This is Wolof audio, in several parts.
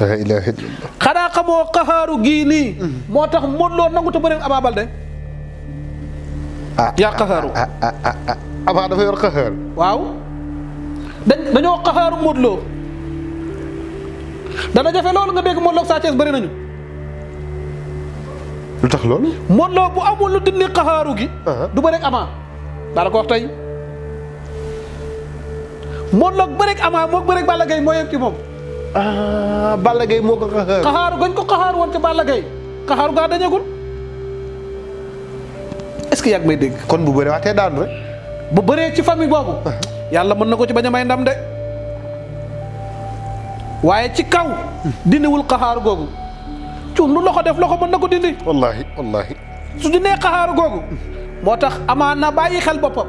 la ilaha illallah xanaa xamoo xaxaaru gii nii. moo tax Modou Lo nangu te bëri Ama Baldé. Ah, yaa xaxaaru ah ah ah, ah, ah. dafa yor xaxaar. waaw dañ dañoo xaxaaru Modou Lo dana jafe lool nga dégg Modou Lo ak Sa nañu. lu tax loolu. Modou Lo bu amul lu dindi xaxaaru gi. du bëri Ama daa la ko wax tey. Modou Lo moog bëri Balla Gaye moo yem ci moom. ah Balla Gaye moo ko xaxaar. xaxaaru gañ ko woon ca Balla Gaye xaxaaru gaa dañagul est-ce que yàgg may dégg. kon bu bëree waxtee daanu rek. bu bëree ci famille boobu. Uh-huh. yàlla mën na ko ci bañ a may ndam de. waaye ci kaw. dindiwul xaxaaru googu. cuun lu loxo def loxo mën na ko dindi. wallaahi wallaahi. su di nee xaxaaru googu. moo tax amaan na bàyyi xel boppam.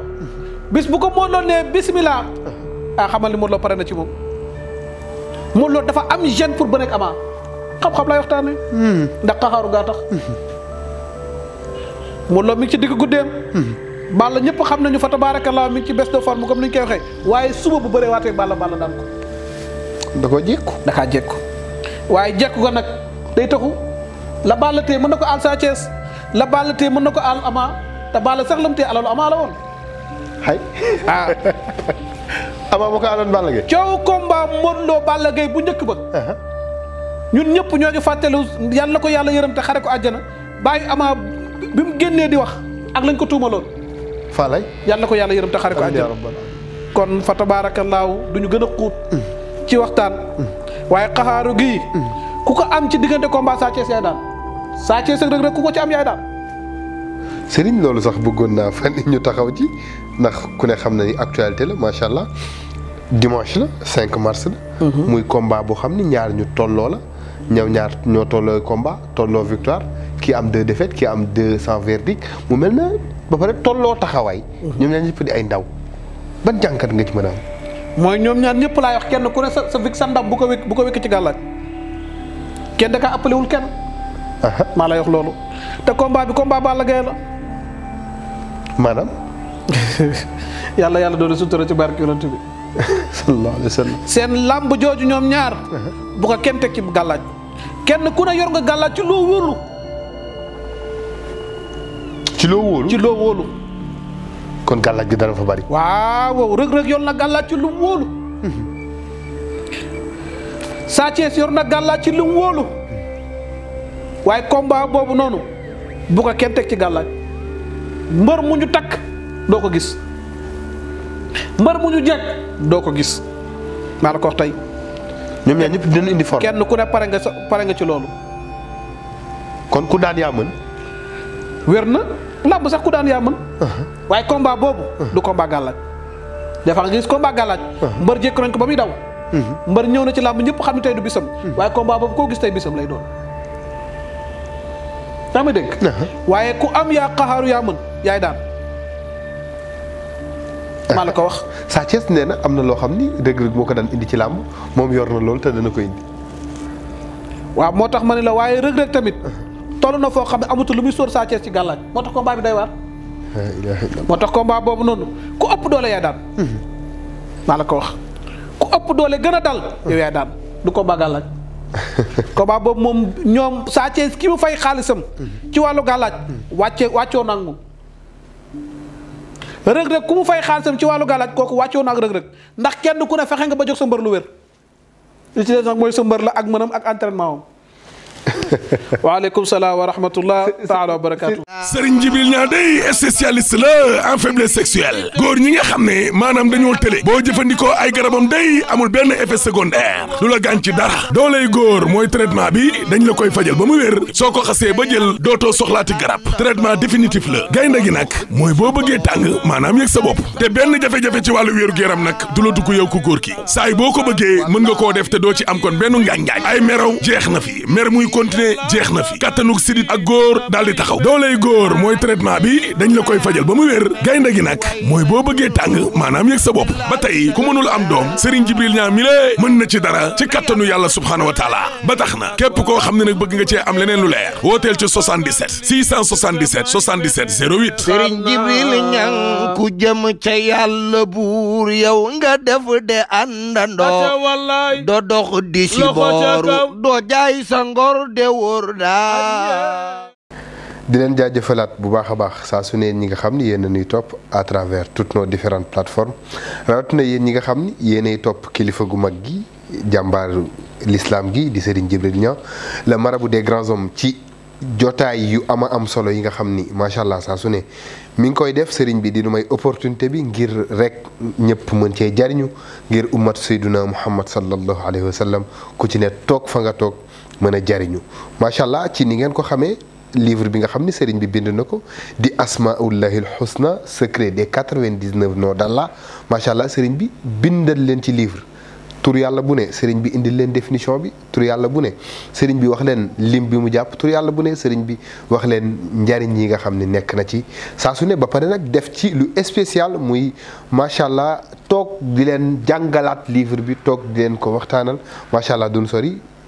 bis bu ko mënoon nee bismillah. Uh-huh. ah xamal ni Modou Lo pare na ci moom. Modou Lo dafa am gêne pour bëre ak Ama xam-xam laay waxtaanee. Hmm. ndax xaxaaru gaa tax. Hmm. Modou Lo mi ci digg guddeem. Hmm. Balla ñëpp xam nañu fa tabaarakallaa mi ngi ci baisse de forme comme ni ñu koy waxee waaye suba bu bëree waatee Balla Balla daan ko. da koo jékku da kaa waaye jékku ko nag day taxu la Balla tee mën na ko aal Sa Thiès la Balla tee mën na ko aal Ama te Balla sax lam tee alalu Ama la woon. hay ah. ama bu ko amoon Balla Gaye coow combat Modou Lo Balla Gaye bu njëkk ba ñun ñëpp ñoo ngi fàttelu yàlla na ko yàlla yërëm te xare ko àjjana bàyyi amaa bi mu génnee di wax ak lañ ko tuumaloon falay yàlla ko yàlla yërëm te xare ko àjjana kon fa tabaarakallaahu laaw ñu gën a xuut mm. ci waxtaan mm. waaye xaxaaru gi mm. ku ko am ci diggante combat Sa Thiès yaay daan Sa Thiès ak Reug ku ko ci am yaay daan sëriñ loolu sax bëggoon naa fan ñu taxaw ci ndax ku ne xam na ni actualité la macha allah dimanche la 5 mars la. Mhm. muy combat boo xam ni ñaar ñu tolloo la. ñëw ñaar ñoo tolloo combat tolloo victoire kii am deux défaites kii am deux sans verdict mu mel na ba pare tolloo taxawaay. Mhm. ñoom ñaar ñëpp di ay ndaw ban jànkat nga ci mën a am. mooy ñoom ñaar ñëpp laay wax kenn ku ne sa sa sa ndam bu ko wékk ko wékk ci gàllaaj kenn da wul kenn. maa lay wax loolu. te combat bi combat Balla Gaye la. maanaam. yàlla yàlla doon sutura ci barke yonent bi. seen làmb jooju ñoom ñaar bu ko kenn teg ci gàllaaj kenn ku ne yor nga gàllaaj ci loo wóolu ci loo wóolu kon gàllaaj gi dana fa bari waaw rëg-rëg yor na gàllaaj ci lu wóolu Sa Thiès yor na gàllaaj ci lu wóolu waaye combat boobu noonu bu ko kenn teg ci gàllaaj mbër mu ñu takk doo ko gis mbër mu ñu jekk doo ko gis maa la ko wax tey. ñoom ñaar ñëpp dinañ indi kenn ku ne pare nga pare nga ci loolu. kon ku daan yaa mën. wér na làmb sax ku daan yaa mën. Uh-huh. waaye combat boobu. Uh-huh. du combat gàllaaj. dafa nga gis combat gàllaaj. Uh-huh. mbër jékku nañ ko ba muy daw. mbër ñëw na ci làmb ñëpp xam ne tey du bisam. waaye combat boobu koo gis tey bisam lay doon. yaa ma waaye ku am yaa xaxaaru yaa mën yaay daan. maa la ko wax. Sa nee na am na loo xam ni Reug Reug moo ko daan indi ci làmb moom yor na loolu te dana ko indi. waaw moo tax ma ne la waaye Reug Reug tamit toll na foo xam ne amatul lu muy soor Sa ci gàllaaj moo tax combat bi day waar. moo tax combat boobu noonu ku ëpp doole yaa daan. Mhm. maa la ko wax ku ëpp doole gën a dal. yow yaa daan du combat gàllaaj. combat boobu moom ñoom Sa Thiès ki mu fay xaalisam. Mhm. ci wàllu gàllaaj. Mhm. wàcce wàccoo nangu rëg-rëg ku mu fay sam ci wàllu galaaj kooku wàccoo na ak rëg-rëg ndax kenn ku ne fexe nga ba jóg sa mbër lu wér mooy sa mbër la ak mënam ak entraînement am waaleykum salaam wa rahmatullah taala wa barakaatu. Serigne Jibril Niang day spécialiste la en faiblesse sexuelle góor ñi nga xam ne maanaam dañoo tële boo jëfandikoo ay garabam day amul benn effet secondaire lu la gaañ ci dara dooley góor mooy traitement bi dañu la koy fajal ba mu wér soo ko xasee ba jël dootoo soxlaati garab traitement définitif la gaynde gi nag mooy boo bëggee tàng maanaam yëg sa bopp te benn jafe-jafe ci wàllu wéeru yaram nag du la dugg yow ku góor ki saay boo ko bëggee mën nga koo def te doo ci am kon benn ngaañ-ngaañ ay meraw jeex na fi mer muy continuer jeex na fi kattanug sidit ak góor daal di taxaw dooley góor mooy traitement bi dañ la koy fajal ba mu wér gaynde gi nag mooy boo bëggee tàng maanaam yëg sa bopp ba tey ku mënul am doom Serigne Jibril ñaa milée mën na ci dara ci kattanu yàlla subhaanahu wa taala ba tax na képp koo xam ne nag bëgg nga cee am leneen lu leer wooteel ci 77 677 77 08 Serigne Jibril ñang ku jëm ca yàlla buur yow nga def de àndandoo do dox di si booru doo jaay sa ngor wóor de wóor daa. di leen jaajëfalaat bu baax a baax saa su ne ñi nga xam ni yéen a ñuy topp à travers toutes nos différentes plateformes rawatina yéen ñi nga xam ni yéenay topp kilifa gu mag gi jàmbaaru lislaam gi di Serigne Djibril Niang la marabout des grands hommes ci jotaay yu ama am solo yi nga xam ni macha allah saa su ne mi ngi koy def Serigne bi dina nu may opportunité bi ngir rek ñëpp mën cee jariñu ngir ummat sayduna muhammad sallallahu alayhi wa sallam ku ci ne toog fa nga toog. mën a jariñu macha allah ci ni ngeen ko xamee livre bi nga xam ni sëriñ bi bind na ko di asmaullahi alhusna secret des quatre-vingt-dix-neuf noms d'Allah macha allah sëriñ bi bindal leen ci livre tur yàlla bu ne sëriñ bi indil leen définition bi tur yàlla bu ne sëriñ bi wax leen lim bi mu jàpp tur yàlla bu ne sëriñ bi wax leen njariñ yi nga xam ne nekk na ci saa su ne ba pare nag def ci lu espécial muy macha allah toog di leen jàngalaat livre bi toog di leen ko waxtaanal macha allah duñ sori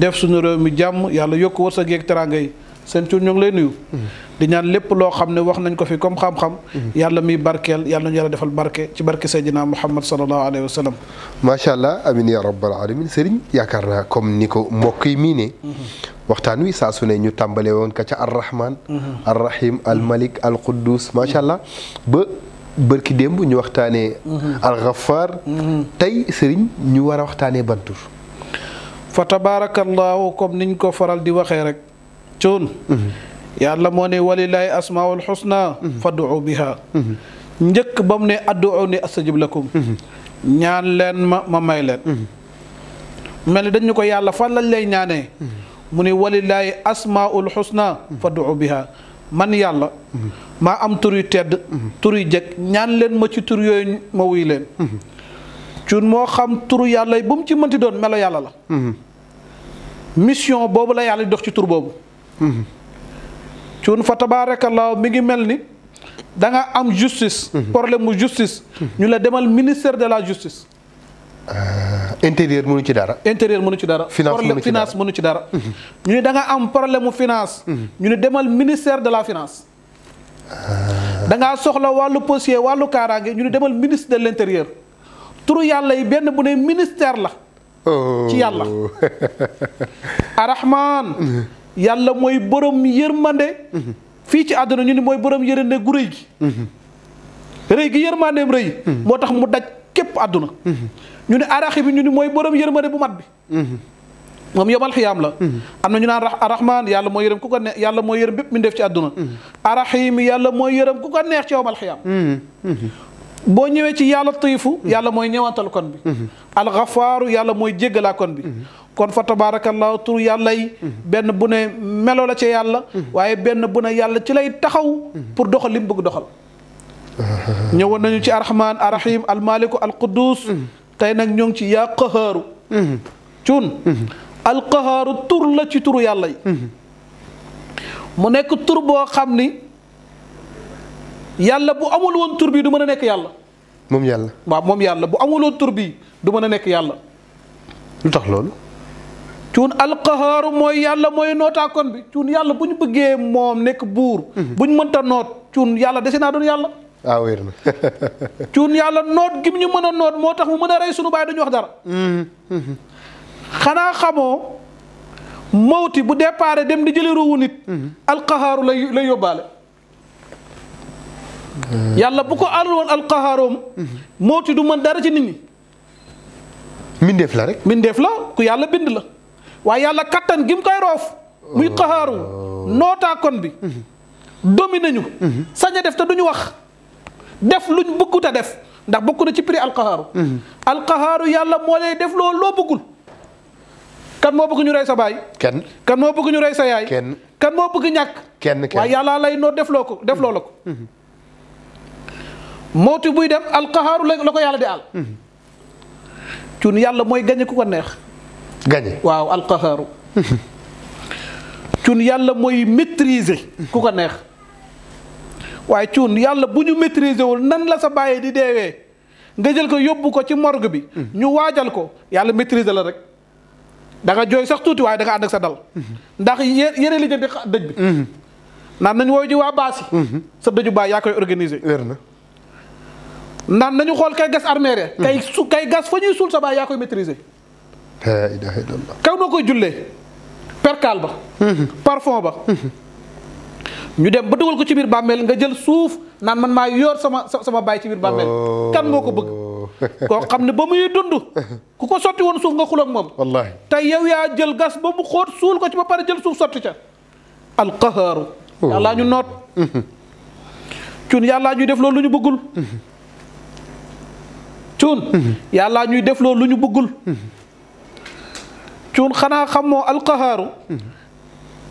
def suñu réew mi jàmm yàlla yokk wërsëg yeeg teraanga yi seen tur ñoo ngi lay nuyu. Mm-hmm. di ñaan lépp loo xam ne wax nañ ko fi comme xam-xam. Mm-hmm. yàlla miy barkeel yàlla nañu yàlla defal barke ci barke Seydina Muhammad sallallahu alayhi wa sallam. macha allah amin ya rabbal alamin Serigne yaakaar naa comme ni ko mbokk yi mii ne. Mm-hmm. waxtaan wi saa su ne ñu tàmbalee woon ka ca arrahman. arrahim almalik alquddus macha allah ba. bërki démb ñu waxtaanee. al tey Serigne ñu war a waxtaanee ban fa tabaarakallaahu comme niñ ko faral di waxee rek cuun yàlla moo ne walilaahi asmaul xusna fad'u biha njëkk ba mu ne addu'u ni astajib lakum ñaan leen ma ma may leen mel ni dañu ko yàlla fan lañ lay ñaanee mu ne walilaahi asmaul xusna fad'u biha man yàlla maa am tur yu tedd tur yu jëkk ñaan leen ma ci tur ma wuy leen cuun moo xam turu yàlla yi ba mu ci doon melo yàlla la mhm. mission boobu la yàlla di dox ci tur boobu cuun mhm. fa tabaarakallaahu mi ngi mel ni da nga am justice mhm. problème mu justice ñu la demal ministère de la justice euh, intérieur mënu ci dara intérieur mënu ci dara finance mënu ci dara ñu ne da nga am problème mu finance ñu ne demal ministère de la finance euh. da ngaa soxla wàllu postier wàllu kaaraange ñu ne demal ministre de l' intérieur turu yàlla yi benn bu ne ministère la oh. ci yàlla arahman yàlla mooy borom yërmande fii ci àdduna ñu ni mooy borom yërmande gu rëy gi rëy gi yërmandeem rëy moo tax mu daj képp àdduna ñu ne araxi bi ñu ni mooy borom yërmande bu mat bi moom yomal xiyaam la am na ñu naan arahman yàlla mooy yërëm ku yàlla mooy yërëm bépp mi def ci àdduna arahim yàlla mooy yërëm ku ko neex ci yomal xiyaam boo ñëwee ci yàlla tiifu yàlla mooy ñëwantal kon bi alxafaaru yàlla mooy jéggalaa kon bi kon fa tabaarakallaahu tur yàlla yi benn bu ne meloo la ca yàlla waaye benn bu ne yàlla ci lay taxaw pour doxal li mu doxal ñëwoon nañu ci arrahman arrahim almaliku alquddus tey nag ñoo ngi ci yaa qahaaru cuun alqahaaru tur la ci turu yàlla yi mu nekk tur boo xam ni yàlla bu amul woon tur du mën a nekk yàlla. moom yàlla waaw moom yàlla bu amul woon du mën a nekk yàlla. lu tax loolu. cuun alqahaaru mooy yàlla mooy nootaakoon bi cuun yàlla bu ñu bëggee moom nekk buur. Mhm. bu ñu mënta noot cuun yàlla dese naa doon yàlla. ah yàlla noot gim ñu mën a noot moo tax mu mën a rey sunu baay duñu wax dara. Mhm, mhm. xanaa xamoo mawti bu départ dem di jëli ruwu nit. alqahaaru lay lay yóbbaale. yàlla bu ko àllul woon alqahaaroom mooti du mën dara ci nit ñi. mbindeef la rek. mbindeef la ku yàlla bind la waaye yàlla kàttan gi mu koy roof. muy oh. qahaaru nootaakon bi. Mhm. dominé ñu. Mhm. def te duñu wax. def luñ bëggut a def ndax bokk na ci prix alqahaaru. Mhm. alqahaaru yàlla moo lay def loolu loo bëggul. kan moo bëgg ñu rey sa baay. kenn kan moo bëgg ñu rey sa kenn kan moo bëgg ñàkk. kenn kenn yàlla lay noo defloo ko defloo la ko. mootu buy dem alqahaaru la ko yàlla di àll. Mm-hmm. cun yàlla mooy gañe ku ko neex. gañe waaw alqahaaru. Mm-hmm. cun yàlla mooy maîtriser ku ko neex. waaye cun yàlla bu ñu maîtriser wul nan la sa bàyyi di deewee nga jël ko yóbbu ko ci morgue bi. Mm-hmm. ñu waajal ko yàlla maîtriser la rek. da jooy sax tuuti waaye da ànd ak sa dal. ndax yé yére li jënd dëj bi. naan nañu woowu ji waa baas sa dëju baay yaa koy organiser. wér naan nañu xool kay gas armeere hmm. kay su kay gas fa ñuy suul sa baay yaa koy maîtriser. la ilaha kaw noo koy jullee percal ba. Hmm. parfum ba. Hmm. ñu dem ba dugal ko ci biir bàmmeel nga jël suuf naan man maa yor sama sama baay ci biir bàmmeel. Oh. kan moo ko bëgg. koo xam ne ba muy dund ku ko sotti woon suuf nga xuloo ak moom wallaahi tey yow yaa jël gas ba mu xóot suul ko ci ba pare jël suuf sotti ca alqahaaru oh. yàllaa ñu noot cun yàllaa ñuy def loolu lu ñu bëggul cuun yàllaa ñuy def loolu lu ñu bëggul cuun xanaa xamoo alqahaaru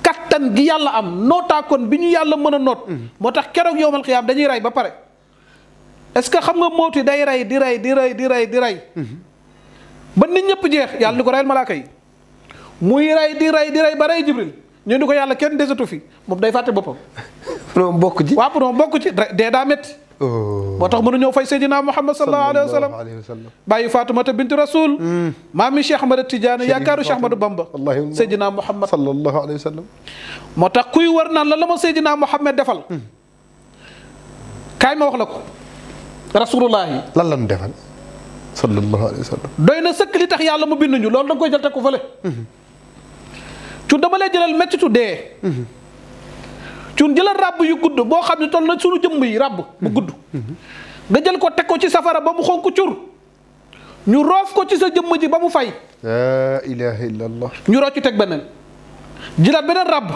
kattan gi yàlla am nootaakoon bi ñu yàlla mën a noot moo tax keroog yowmal xiyaam dañuy rey ba pare est-ce que xam nga mooti day rey di rey di rey di rey di rey ba ñëpp jeex yàlla ni ko reyal malaaka yi muy rey di rey di rey ba rey jibril ñu ni ko yàlla kenn desatu fi moom day fàtte boppam. pour moom bokk ci waaw pour bokk ci dee daa métti Oh. moo tax mënuñoo fay Seydina Muhammad sallallahu alayhi wa sallam bàyyi Fatumata binti Rasul hmm. maami Cheikh Ahmad Tidiane yaakaaru Cheikh Ahmadu Bamba Seydina Muhammad sallallahu alayhi wa sallam moo tax kuy war naan la la ma Seydina Muhammad defal hmm. kaay ma wax la ko rasulullahi lan lan defal sallallahu alayhi wa sallam doy na sëkk li tax yàlla mu bind ñu loolu da nga koy jël teg ko fële hmm. cu dama lay jëlal métti tu dee cuun jëlal ràbb yu gudd boo xam ne toll na sunu jëmm yi ràbb bu gudd nga jël ko teg ko ci safara ba mu xonk cur ñu roof ko ci sa jëmm ji ba mu fay laa ilaha illallah ñu teg beneen jëlaat beneen ràbb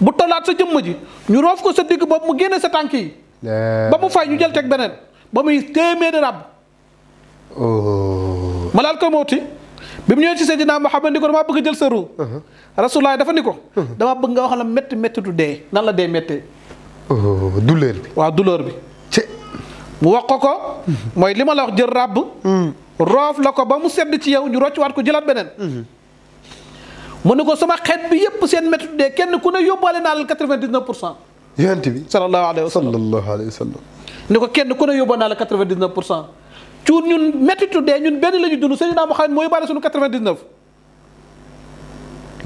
bu tollaat sa jëmm ji ñu roof ko sa digg ba mu génne sa tànk yi ba mu fay ñu jël teg beneen ba muy téeméeri ràbb oh. malaal ko mawti bi mu ñëwee ci Seydina Muhammad ni ko a jël sa ruu uh-huh. Rasulullah ni ko uh-huh. damaa bëgg nga wax la métti métti du dee nan la dee méttee oh, douleur bi waaw douleur bi mu wax ko ko uh-huh. mooy li ma la wax jël ràbb hmm. roof la ko ba mu sedd ci yow ñu roccuwaat ko jëlaat beneen mu ne ko sama xeet bi yëpp seen métti dee kenn ku ne yóbbaale naa la quatre-vingt-dix-neuf pour cent yonent bi sallallahu alayhi wa ko kenn ku ne yóbbaale naa la quatre vingt pour cent cuun ñun méttitu de ñun benn la ñu dund Seydina Muhammad moo yóbbaale sunu 99.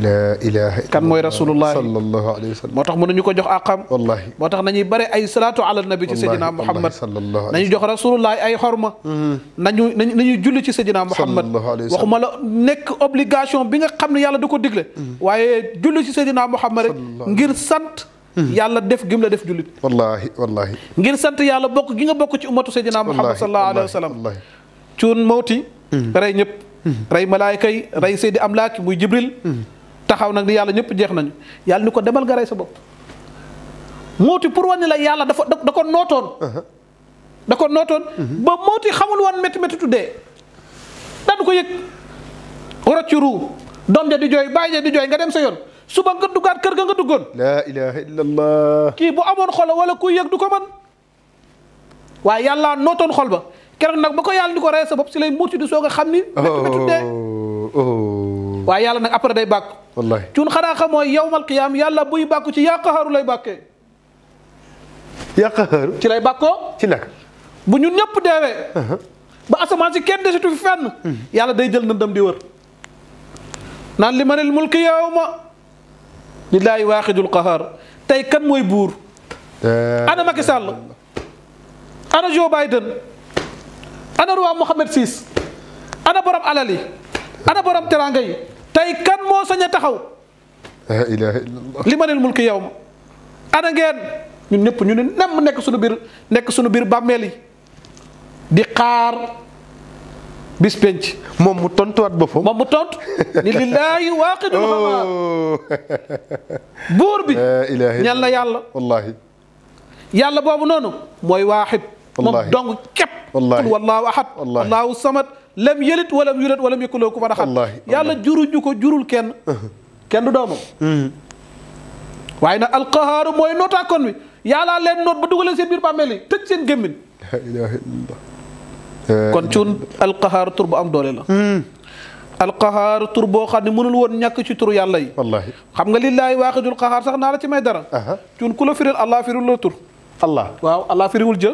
la ilaha illallah kan mooy rasulullah sallallahu alayhi wa sallam moo tax nañu ko jox àqam. wallaahi moo tax nañuy bare ay salaatu ala nabi ci Seydina Muhammad sallallahu nañu jox rasulullah ay xorma. Mm-hmm. nañu nañu julli ci Seydina Muhammad waxuma la nekk obligation bi nga xam ne yàlla du ko digle. Mm-hmm. waaye julli ci Seydina Muhammad rek ngir sant. yàlla def gim la def jullit wallaahi wallaahi ngir sant yàlla bokk gi nga bokk ci ummatu sayyidina muhammad sallallahu alayhi wa sallam cuun mawti mm-hmm. rey ñëpp mm-hmm. rey malaayka yi rey seydi amlaaki muy jibril mm-hmm. taxaw nag ni yàlla ñëpp jeex nañu yàlla ni ko demal nga rey sa bopp mawti pour wane la yàlla dafa da ko nootoon uh-huh. da ko nootoon ba mawti xamul woon métti métti tuddee daan ko yëg rocc ruu doom ja di jooy bàyyi ja di jooy nga dem sa yoon suba nga duggaat kër ga nga duggoon. la ilaha kii bu amoon xol wala kuy yëg du ko man waaye yàlla nootoon xol ba keroog nag ba ko yàlla ni ko rey sa bopp si lay mucc di soog a xam ni. métti métti dee oh, oh. waaye yàlla nag après day bàkk. wallaahi cuun xanaa xam mooy yawmal qiyaam yàlla buy bàkku ci yaa qaharu lay bàkkee. yaa qaharu ci lay bàkkoo. bu ñun ñëpp deewee. Uh-huh. ba asamaan si kenn desitu fenn. Hmm. yàlla day jël ndam di wër. naan li ma ne lillaahi waaxidul qahaar tey kan mooy buur. Euh, ana Macky Sall ana Joe Biden ana roi Mohammed VI ana borom alal ana borom teranga yi tey kan moo sañ a taxaw. la ilaha illallah li ma neel mulki yow ma ana ngeen ñun ñëpp ñu ne nekk suñu biir nekk suñu biir bàmmeel di xaar. bispenc moom mu tontuwaat boppam. moom mu tontu ni lillaahi waaqidul oh. buur bi. ñal na yàlla. wallaahi. yàlla boobu noonu. mooy waaxid. wallaahi moom dong képp. wallaahi qul wallaahu ahad. wallaahi allaahu samad. lam yëlit walam yulat walam yakun lahu kufuwan ahad. wallaahi yàlla juruñu ko jurul kenn. kenn du hmm. waaye nag alqahaaru mooy nootaakoon wi yàllaa leen noot ba dugalee seen biir bàmmeel yi tëj Euh, kon cuun alqahaar tur bu am doole la. Hmm. alqahaar tur boo xam ne mënul woon ñàkk ci tur yàlla yi. wallaahi xam nga lillaahi waaxidul qahaar sax naa la ci may dara. cuun ku la firil allah firiwul la tur. allah waaw allah firiwul jë.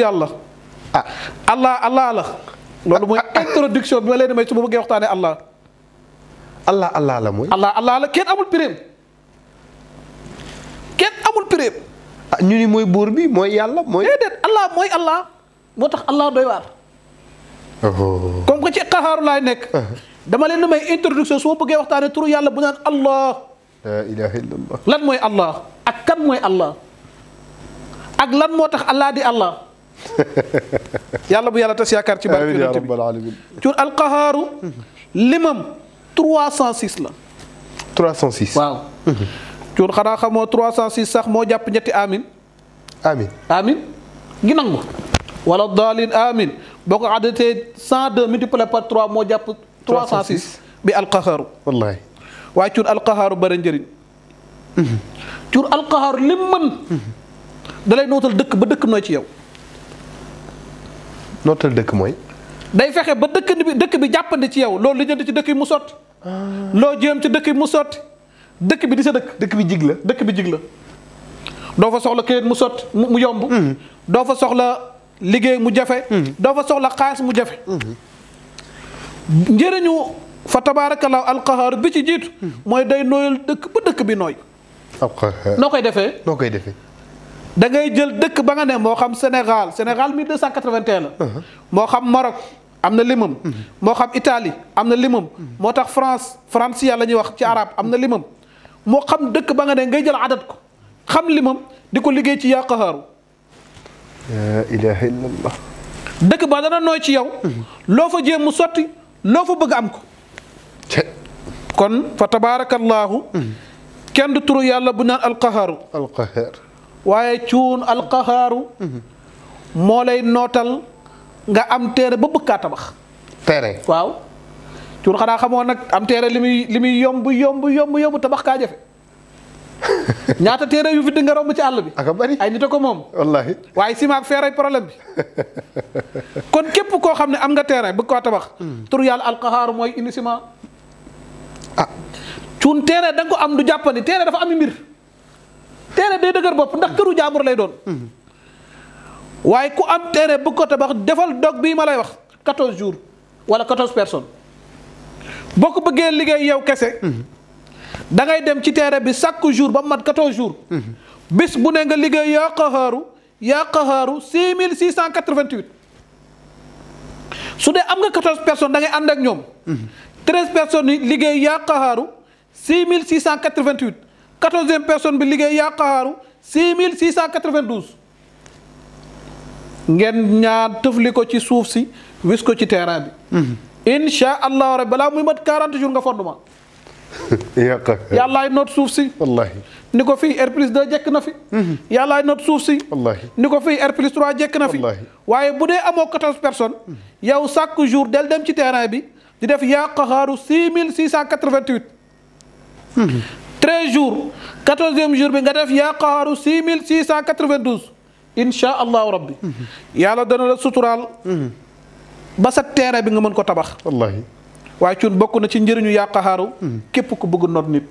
yàlla. ah allah allah la. loolu mooy ah, ah. introduction bi ma leen may su ma bëggee waxtaanee allah. allah allah la mooy. allah allah la kenn amul pireem. kenn amul pireem. Ah, ñu ni mooy buur bi mooy yàlla mooy. déedéet allah mooy moo tax allah doy waar. Oh. comme que ci xaxaaru laay nekk. Ah. dama leen di may introduction su ma bëggee waxtaanee turu yàlla bu naan allah. la lan mooy allah ak kan mooy allah lan moo tax allah di allah. yàlla bu yàlla tas yaakaar ci barke yonent bi tur alqahaaru limam 306 la. waaw. Mhm. cuun xanaa xamoo 306 sax moo jàpp ñetti amin amin amin gi nangu wala daalin amin boo ko addatee 102 multiplié par 3 moo jàpp 306 bi alqaxaaru wallaay waaye cuun alqaxaaru bëri njëriñ mhm. cuun alqaxaaru lim mën mhm. da nootal dëkk ba dëkk nooy ci yow nootal dëkk mooy day fexe ba dëkk bi dëkk bi jàppandi ci yow loolu li jënd ci dëkk yi mu sotti ah. loo jéem ci dëkk yi mu sotti dëkk bi di sa dëkk dëkk bi jig la dëkk bi jig la doo fa soxla këyit mu sot mu yomb mm-hmm. doo fa soxla liggéey mu jafe mm-hmm. doo fa soxla xaalis mu jafe mm-hmm. njëriñu fa tabaarakallaahu alqahaar bi ci jiitu mooy day nooyal dëkk ba dëkk bi nooy noo koy defee noo koy defee da ngay jël dëkk ba nga ne moo xam Sénégal Sénégal 1281 la uh-huh. moo xam Maroc am na limam moo xam Italie am na limam moo tax France francia la ñuy wax ci arab am na limam moo xam dëkk ba nga ne ngay jël adat ko xam limam di ko liggéey ci yaa qaharu dëkk ba dana nooy ci yow loo fa jéem mu sotti loo fa bëgg am ko kon fa tabaarakallaahu kenn du turu yàlla bu naan alqahaaru waaye cuun alqahaaru moo lay nootal nga am téere ba bëgg kaa tabax téere cuun xanaa xamoo nag am téere li muy li muy yomb yomb yomb yomb tabax kaa jafe ñaata téere yu fi nga romb ci àll bi. ak bari ay nit a ko moom. wallaahi waaye ciment ak fer problème bi. kon képp koo xam ne am nga terrain bëgg koo tabax. Hmm. tur yàlla alqahaaru mooy indi ciment. ah cuun terrain da ko am du jàppandi terrain dafa am mbir. tere day dëgër bopp ndax këru jaambur lay doon. Hmm. waaye ku am terrain bëgg ko tabax defal dog bii ma lay wax quatorze jours wala quatorze personnes. boo ko bëggee liggéey yow kese. da ngay dem ci teere bi chaque jour ba mat 14 jours. bis bu ne nga liggéey yaa qaxaaru yaa qaxaaru 6688. su dee am nga 14 personne da ngay ànd ak ñoom. 13 personnes yi liggéey yaa qaxaaru 6688. 14e personne bi liggéey yaa qaxaaru 6692. ngeen ñaan tëfli ko ci suuf si wis ko ci terrain bi. incha allah rabbi balaa muy mat 40 jours nga fondu ma. yàllaay noot suuf si. wallaahi ni ko fii R plus 2 jekk na fi. yàllaay not suuf si. wallaahi ni ko fii R plus 3 jekk na fi. Mhm. waaye bu dee amoo 14 personnes. Mhm. yow chaque jour del dem ci terrain bi di def yaa qaxaaru 6688. 13 mhm. jours 14e jour bi nga def yaa qaxaaru 6692. incha allahu rabbi. yàlla dana la suturaal. ba sa teere bi nga mën ko tabax. wallaahi waaye cuun bokk na ci njëriñu yàqaxaaru hmm. képp ku bëgg noot nit.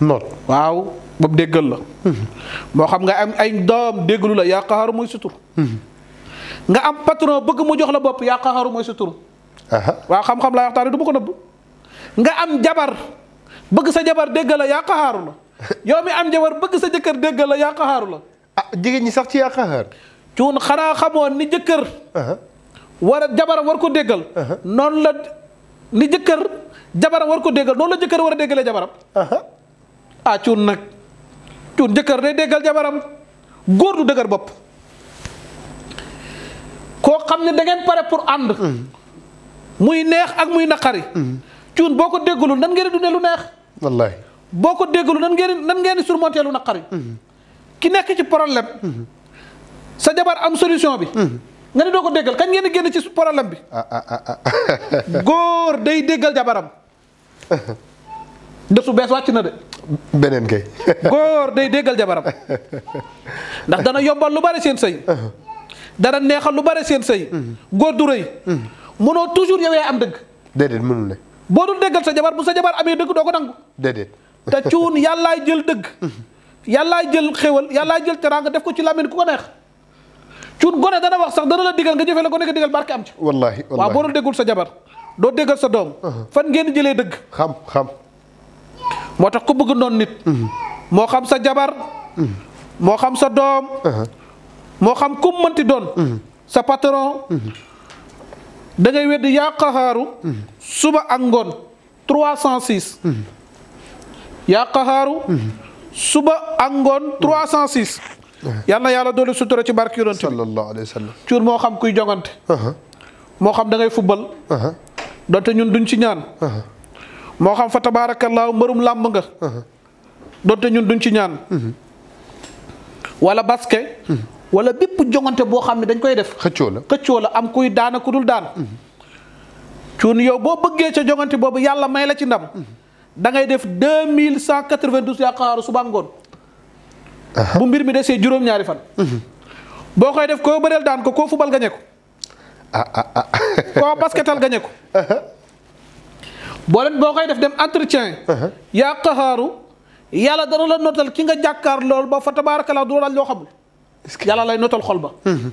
noot waaw boobu déggal la. Hmm. moo xam nga am ay doom dégglu la yàqaxaaru mooy sutur. Hmm. nga am patron bëgg mu jox la bopp yàqaxaaru mooy sutur. waaw xam-xam laa waxtaane du ma ko nga am jabar bëgg sa jabar déggal la yàqaxaaru la yow mi am jabar bëgg sa jëkkër déggal la yàqaaru la. ah jigéen ñi sax ci yàqaxaar. cuun xanaa xamoon ni jëkkër. war a jabar war ko déggal. Uh-huh. noonu la ni jëkkër jabar war ko déggal noonu la jëkkër war a déggalee jabaram. Uh-huh. ah cuun nag cuun jëkkër day déggal jabaram góor du dëgër bopp. koo xam ne da ngeen pare pour ànd. Uh-huh. muy neex ak muy naqari. cuun boo ko déggalu nan ngeen di dundee lu neex. wallaay boo ko déggalu nan ngeen nan ngeen di surmonter lu naqari. ki nekk ci problème. sa jabar am solution bi. nga ne doo ko déggal kañ ngeen génn ci problème bi. Ah, ah, ah, góor day déggal jabaram. de bees wàcc na de. beneen kay. góor day déggal jabaram ndax dana yombal lu bari seen say dana neexal lu bare seen sëy. góor du rëy. mënoo toujours yow yaay am dëgg. déedéet mënul ne. boo dul déggal sa jabar bu sa jabar amee dëgg doo ko nangu. déedéet. te cuun yàllaay jël dëgg. yàllaay jël xéwal yàllaay jël teraanga def ko ci làmmiñ ku ko neex. cuut gone dana wax sax dana la digal nga jëfee la ko nekk digal barke am ci. wallaahi wallaahi waaw boo doon déggul sa jabar doo déggal sa doom. Uh-huh. fan ngeen jëlee dëgg. xam xam. moo tax ku bëgg noonu nit. Uh-huh. moo xam sa jabar. Uh-huh. moo xam sa doom. moo xam ku mënti doon. sa patron. dangay ngay weddi yaa qaxaaru. suba ak ngoon 306. yaa qaxaaru. suba ak ngoon 306. yàlla yàlla doole sutura ci barke yonent bi sallallahu alayhi wa sallam cuur moo xam kuy jongante uh-huh. moo xam da ngay fubal uh-huh. donte ñun duñ ci ñaan uh-huh. moo xam fa tabaarakallaahu mbërum làmb nga donte ñun duñ ci ñaan wala basket wala bépp jongante boo xam ne dañ koy def xëccoo la xëccoo la am kuy daana ku dul daan cuun yow boo bëggee ca jongante boobu yàlla may la ci ndam da ngay def deux mille cent quatre-vingt-douze yaakaaru ngoon bu mbir mi desee juróom-ñaari fan. boo koy def koo bëreel daan ko koo fubal gañe ko. ah ah ah. koo basketal gañe ko. Uh-huh. boo leen boo koy def dem entretien. Uh-huh. yaa qaxaaru yàlla dana la notal ki nga jàkkaar lool ba fa tabaarakalaa du la loo xamul. yàlla lay notal xol ba. Uh-huh.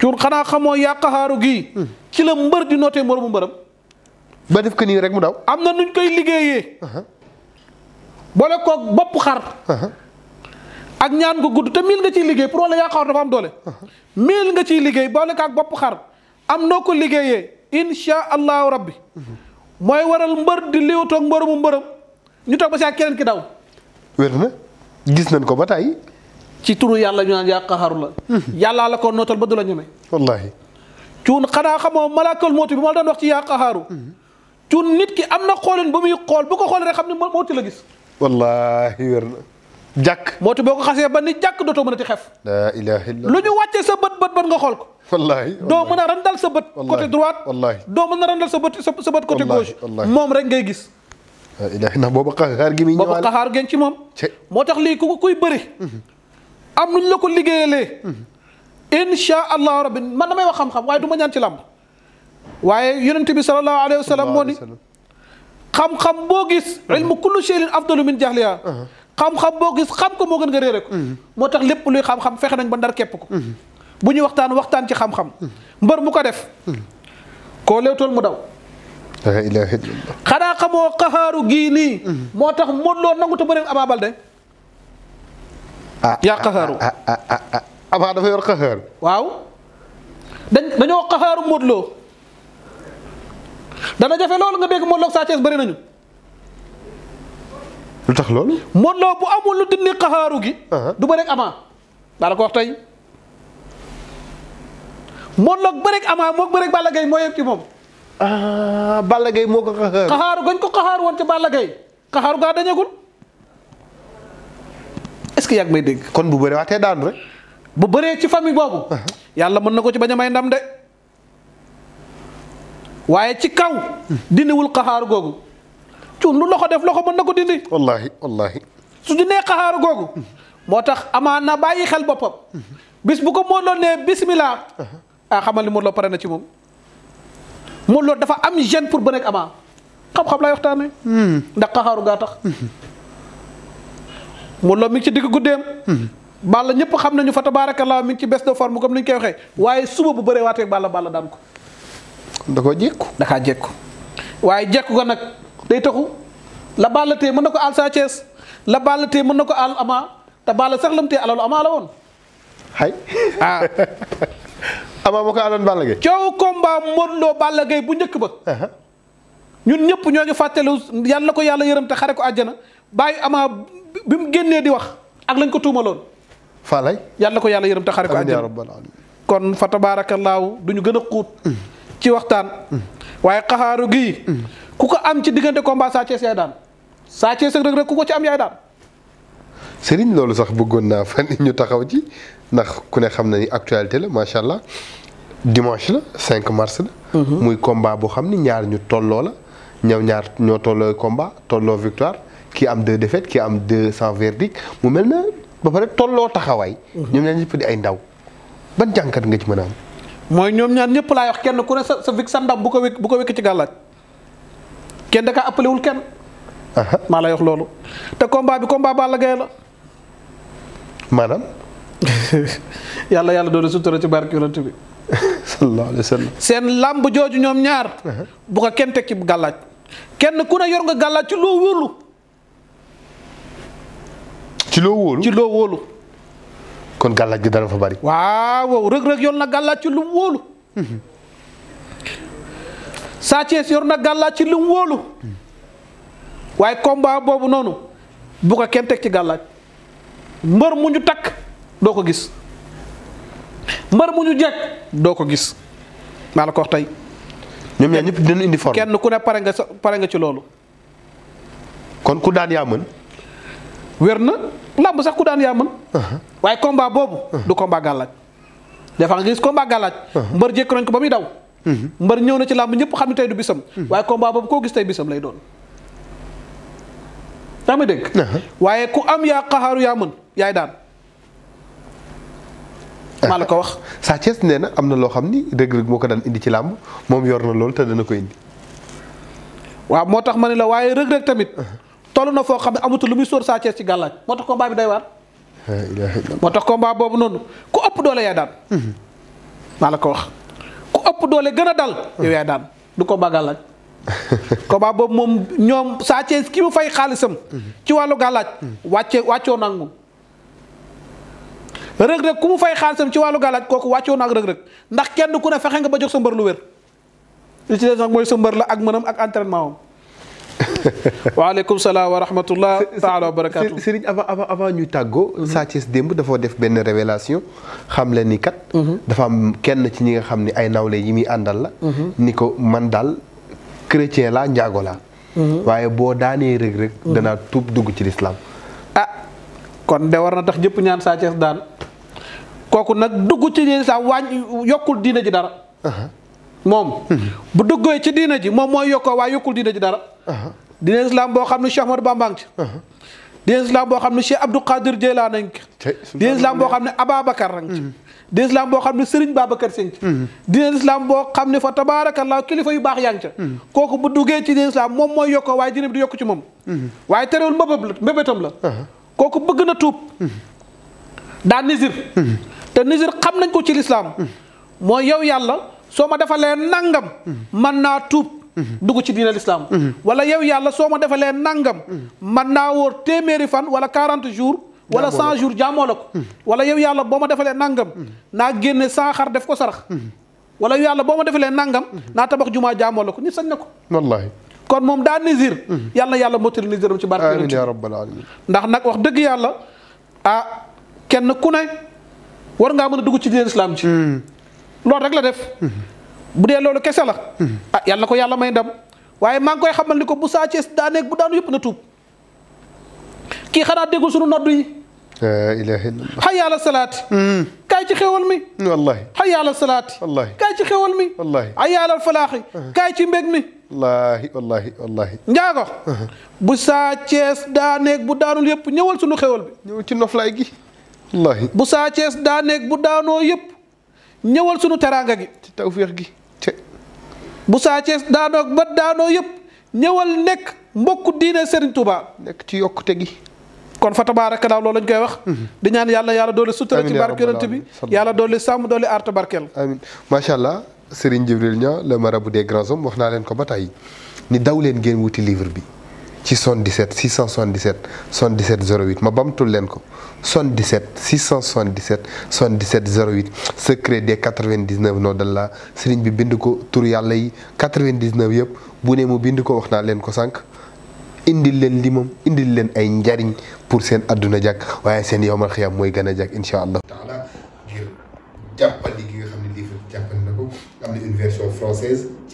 cuur xanaa xamoo yaa qaxaaru gi ci la mbër di noté moromu mbëram. ba def ko nii rek mu daw. am na nuñ koy liggéeyee. boole koog bopp xar. ak ñaan gu gudd te mil nga ciy liggéey pour wala yaa xaar dafa am doole. mil nga ciy liggéey boole kaag bopp xar am noo ko liggéeyee insha allahu rabbi mooy waral mbër di liw toog mbërëmu mbërëm ñu toog ba si ak keneen ki daw. wér na gis nañ ko ba tey. ci turu yàlla ñu naan yaa xaaru la. Mhm. yàllaa la ko nootal ba du la ñeme. wallaahi. cuun xanaa xamoo malaakal mooti bi ma la wax ci yaa xaaru. Mhm. cuun nit ki am na xooleen ba muy xool bu ko xool rek ne mooti la gis. wallaahi wér na. jàkk moo ti boo ko xasee ba ni jàkk dootoo mënati xef la ilaha illallah lu ñu wàccee sa bët bët bët nga xool ko wallaahi doo mën a randal sa bët côté droite wallaahi doo mën a randal sa bët sa bët côté gauche moom rek ngay gis la ilaha ndax boobu xaxaar gi muy ñëwaale moom moo tax lii ku kuy bëri mhm. am nuñ la ko liggéeyalee mhm. insha allah rabbi man damay wax xam-xam waaye du ma ñaan ci làmb waaye yonent bi sallallahu alayhi wa sallam moo ni xam-xam boo gis ilmu kullu shay'in afdalu min jahliha uh-huh. xam-xam boo gis xam ko moo gën nga réere ko mhm. moo tax lépp luy xam-xam fexe nañ ba ndar képp ko mhm. bu ñuy waxtaan waxtaan ci xam-xam mhm. mbër mu ko def koo leewtool mu daw xanaa xamoo xaxaaru gii nii moo tax Modou Lo nangu te bëre Ama Baldé ah, ah, yaa xaxaaru ah, Ama dafa yor xaxaar waaw dañ dañoo xaxaaru Modou dana jafe loolu nga dégg Modou Lo ak Sa nañu lu tax loolu. Modou Lo bu amul lu dindi xaxaaru gi. du bëreeg Ama daa la ko wax tey. Modou Lo bëreeg Ama moog bëreeg moo yem ci moom. ah Balla Gaye moo ko xaxaaru. gañ ko xaxaaru woon ci Balla Gaye xaxaaru gaa dañagul est-ce que yaa may dégg. kon bu bëree waatee daanu rek. bu bëree ci famille boobu. yàlla mën na ko ci bañ a may ndam de. waaye ci kaw. dindiwul xaxaaru googu. cuun lu loxo def loxo mën na ko dindi. wallaahi wallaahi. su ñu nee xaxaaru googu. moo tax amaan na bàyyi xel boppam. bis bu ko Modou Lo nee bismillah. ah xamal ni Lo pare na ci moom. Modou Lo dafa am gêne pour bëre ak amaa xam-xam laay waxtaanee. Hmm. ndax xaxaaru gaa tax. Modou Lo ci digg guddeem. Balla ñëpp xam nañu fa tabaarakallaa mi ci baisse de forme comme ni ñu koy waxee waaye suba bu bëree waatee Balla Balla daan ko. da koo jékku. da waaye jékku day taxu la Balla tee mën na ko aal Sa Thiès la Balla tee mën na ko aal amaa te Balla sax lam tee alalu Ama la woon. hay ah. Ama moo ko aaloon Balla Gaye. coow combat Modou Lo Balla Gaye bu njëkk ba. Uh-huh. ñun ñëpp ñoo ngi fàttelu yàlla ko yàlla yërëm te xare ko àjjana bàyyi Ama bi mu génnee di wax ak lañ ko tuumaloon. Faalay yàlla ko yàlla yërëm te xare ko àjjana kon fa tabaarakallaahu du ñu gën a xuut. Mm. ci waxtaan. Mm. waaye xaxaaru gii. Mm. ku ko am ci diggante combat Sa Thiès yaay daan Sa Thiès Reug Reug ku ko ci am yaay daan. Serigne loolu sax bëggoon naa fan ñu taxaw ci ndax ku ne xam na ni actualité la macha allah dimanche la 5 mars la. Mhm. muy combat boo xam ni ñaar ñu tolloo la. ñëw ñaar ñoo tolloo combat tolloo victoire kii am deux défaites kii am deux sans verdict mu mel na ba pare tolloo taxawaay. Mhm. ñoom ñaar ñëpp ay ndaw ban jànkat nga ci a am. mooy ñoom ñëpp laay wax kenn ku ne sa sa sa ndam bu ko wékk bu ko wékk ci gàllaaj kenn da kaa appelé wul kenn. maa lay wax loolu. te combat bi combat Balla Gaye la. maanaam. yàlla yàlla doon sutura ci barke yonent bi. seen làmb jooju ñoom ñaar. bu kenn teg ci gàllaaj kenn ku ne yor nga gàllaaj ci loo wóolu. ci loo wóolu ci kon gàllaaj gi dana fa bari. waaw rëg rëg yor na ci lu wóolu. Mhm. Sa Thiès yor na gàllaa ci lu mu wóolu waaye combat boobu noonu bu ko kenn teg ci gàllaaj mbër mu ñu takk doo ko gis mbër mu ñu jekk doo ko gis maa la ko wax tey. ñoom ñaar ñëpp dinañu indi forme kenn ku ne pare nga sa pare nga ci loolu. kon ku daan yaa mën. wér na làmb sax ku daan yaa mën. Uh-huh. waaye combat boobu. Uh-huh. du combat gàllaaj dafa nga gis combat gàllaaj. Uh-huh. mbër jékku nañ ko ba muy daw. mbër ñëw na ci làmb ñëpp xam ne tey du bisam. waaye combat boobu koo gis tey bisam lay doon. daa ma dégg. Uh-huh. waaye ku am yaa xaxaaru yaa mën yaay daan. Eh. maa la ko wax. Sa Thiès nee na am na loo xam ni Reug Reug moo ko daan indi ci làmb moom yor na loolu te dana ko indi. waaw moo tax ma ne la waaye Reug Reug tamit. Uh-huh. toll na foo xam ne amatul lu muy sóor Sa Thiès ci gàllaaj moo tax combat bi day waar. moo tax combat boobu noonu ku ëpp doole yaay daan. Uh-huh. maa la ko wax. ëpp doole gën a dal yow yaay daan du ko bàggal laaj combat boobu moom ñoom Sa Thiès ki mu fay xaalisam mhm. ci wàllu gàllaaj mhm. wàcce wàccoo na ak moom rëg-rëg ku mu fay xaalisam ci wàllu gàllaaj kooku wàccoo na ak rëg-rëg ndax kenn ku ne fexe nga ba jóg sa mbër lu wér li mooy sa mbër la ak mënam ak entraînement am waaleykum salaam wa rahmatullah taala wa avant avant avant ñuy tàggoo. Mhm. Sa démb dafa def benn révélation xam leen ni kat. Mhm. dafa am kenn ci ñi nga xam ne ay nawle yi muy àndal la. Mhm. ni ko man daal chrétien laa njaago laa. waaye boo daanee rëg rëg danaa tuub dugg ci lislaam ah kon de war na tax jëpp ñaan Sa Thiès daan kooku nag dugg ci lislaam waañ yokkul diina ji dara. Uh-huh. moom bu duggee ci diina ji moom mooy yokkoo waaye yokkul diina ji dara uh-huh. diina islam boo xam ne Cheikh Ahmadou Bamba ngi ci uh-huh. diina islam boo xam ne Cheikh Abdou Qadir Jeylaani ngi ci diina islam boo xam ne Ababacar ngi ci mm-hmm. diina boo xam ne Serigne Babacar Sy ngi ci mm-hmm. diina islam boo xam ne fa tabaarakallaa kilifa yu baax yaa ca mm-hmm. kooku bu duggee ci diina moom mooy yokkoo waaye diina bi di yokku ci moom waaye terewul mbëbëb la mbébétam la uh-huh. kooku bëgg na tuub daa nisir te nisir xam nañ ko ci lislaam mooy yow yàlla soo ma defalee nangam man naa tuub dugg ci diinal islam wala yow yàlla soo ma defalee nangam man naa wóor téeméeri fan wala quarante jours wala cent jours jaamoo la ko wala yow yàlla boo ma defalee nangam naa génne cent xar def ko sarax wala yàlla boo ma defalee nangam naa tabax jumaa jaamoo la ko nit sañ na ko wallahi kon moom daa nisir yàlla na yàlla mottali nisiram ci barke amiin yaa rabbal ndax nag wax dëgg yàlla ah kenn ku ne war ngaa mën a dugg ci diinal islam ci hmm. loolu rek la def. bu dee loolu kese la. ah yàlla ko yàlla may ndam waaye maa ngi koy xamal ni ko bu Sa Thiès daaneeg bu daanu yëpp na kii xanaa déggul sunu noddu yi. laa ilaaha illallaah. hayya ala salaat. Hmm. kaay ci xéwal mi. bu Sa Thiès bu daanul yëpp ñëwal sunu xewal bi. ñëw ci noflaay gi. wallaahi bu Sa Thiès daaneeg bu daanoo yëpp. ñëwal sunu teraanga gi. ci tawféex gi bu Sa Thiès daanoo ba daanoo yëpp ñëwal nekk mbokku diine Serigne Touba. nekk ci yokkute gi. kon fa tabaarakallaa loolu lañ koy wax. Mm-hmm. di ñaan yàlla yàlla doole sut ci barke yonent bi yàlla doole sàmm doole aar te barkeel. amiin macha allah Serigne Djibril Niang le marabout des grands hommes wax naa leen ko ba tey ni daw leen ngeen wuti livre bi. ci 77 677 77 08 ma bamtul leen ko 77 677 77 08 secret des 99 noms d'Allah sëriñ bi bind ko tur yàlla yi 99 yëpp bu ne mu bind ko wax naa leen ko sànq indil leen li limam indil leen ay njariñ pour seen adduna jàkk waaye seen yowmal xiyaam mooy gën a jàkk incha allah taala ngir jàppandi gi nga xam ne lii fa jàppandi na ko am na une version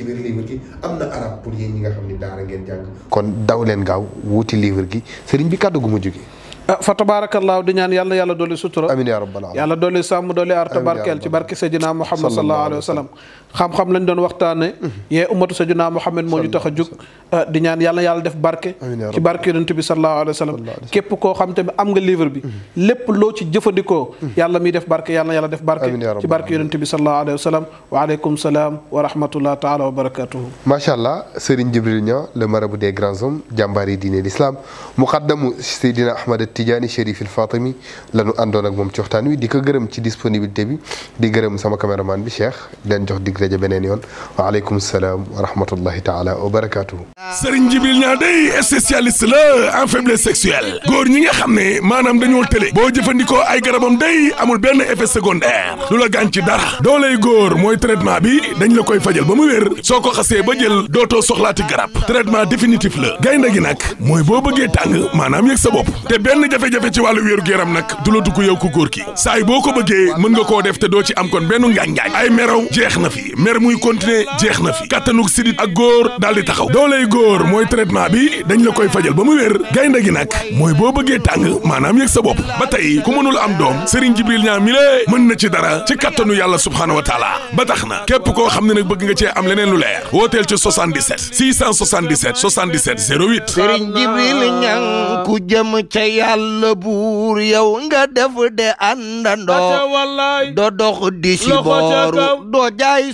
ci livre gi am na arab pour yéen ñi nga xam ni daara ngeen jàng kon daw leen gaaw wuti livre gi sëriñ bi kàddu gu mujj gi Ah, fa tabaarakallaahu di ñaan yàlla yàlla dolli sutura amiin yaa rabbal aalamiin yàlla dolli sàmm dolli arta barkeel ci barke Seydina Muhammad sallallahu alayhi wa sallam xam-xam lañ doon waxtaane mhm. yee umatu Seydina Muhammad moo ñu tax a jug ah, di ñaan yàlla yàlla def barke ci barke yonent bi sallallahu alayhi wa sallam képp koo xam tamit am nga livre bi lépp loo ci jëfandikoo yàlla miy def barke yàlla yàlla def barke ci barke yonent bi sallallahu alayhi wa sallam waaleykum salaam wa rahmatullah taala wa barakatuhu macha allah Serigne Djibril Niang le marabout des grands hommes jàmbaar yi diine l'islam muqaddamu Seydina Ahmad Tidjani Chérif il Fatimi la ñu àndoon ak moom ci waxtaan wi di ko gërëm ci disponibilité bi di gërëm sama caméraman bi Cheikh leen jox dig rajo beneen yoon waaleykum salaam wa rahmatullahi taala wa barakaatuhu. Serigne Jibril day spécialiste la en faiblesse sexuelle góor ñi nga xam ne maanaam dañoo tële boo jëfandikoo ay garabam day amul benn effet secondaire lu la gaañ ci dara dooley góor mooy traitement bi dañ la koy fajal ba mu wér soo ko xasee ba jël dootoo soxlaati garab traitement définitif la gaynde gi nag mooy boo bëggee tàng maanaam yëg sa bopp jafe-jafe ci wàllu wéeru yaram nag du la dugg yow ku góor ki saay boo ko bëggee mën nga koo def te doo ci am kon benn ngaañ-ngaañ ay meraw jeex na fi mer muy continuer jeex na fi kattanug sidit ak góor daal di taxaw dooley góor mooy traitement bi dañ la koy fajal ba mu wér gaynde gi nag mooy boo bëggee tàng maanaam yëg sa bopp ba tey ku mënul am doom Serigne Jibril ñaa mi lée mën na ci dara ci kattanu yàlla subhaanahu wa taala ba tax na képp koo xam ne nag lu leer wooteel ci 77 677 77 08 Serigne Jibril yàlla buur yow nga def de àndandoo do dox di si booru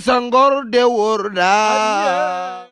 sa ngor de wóor daa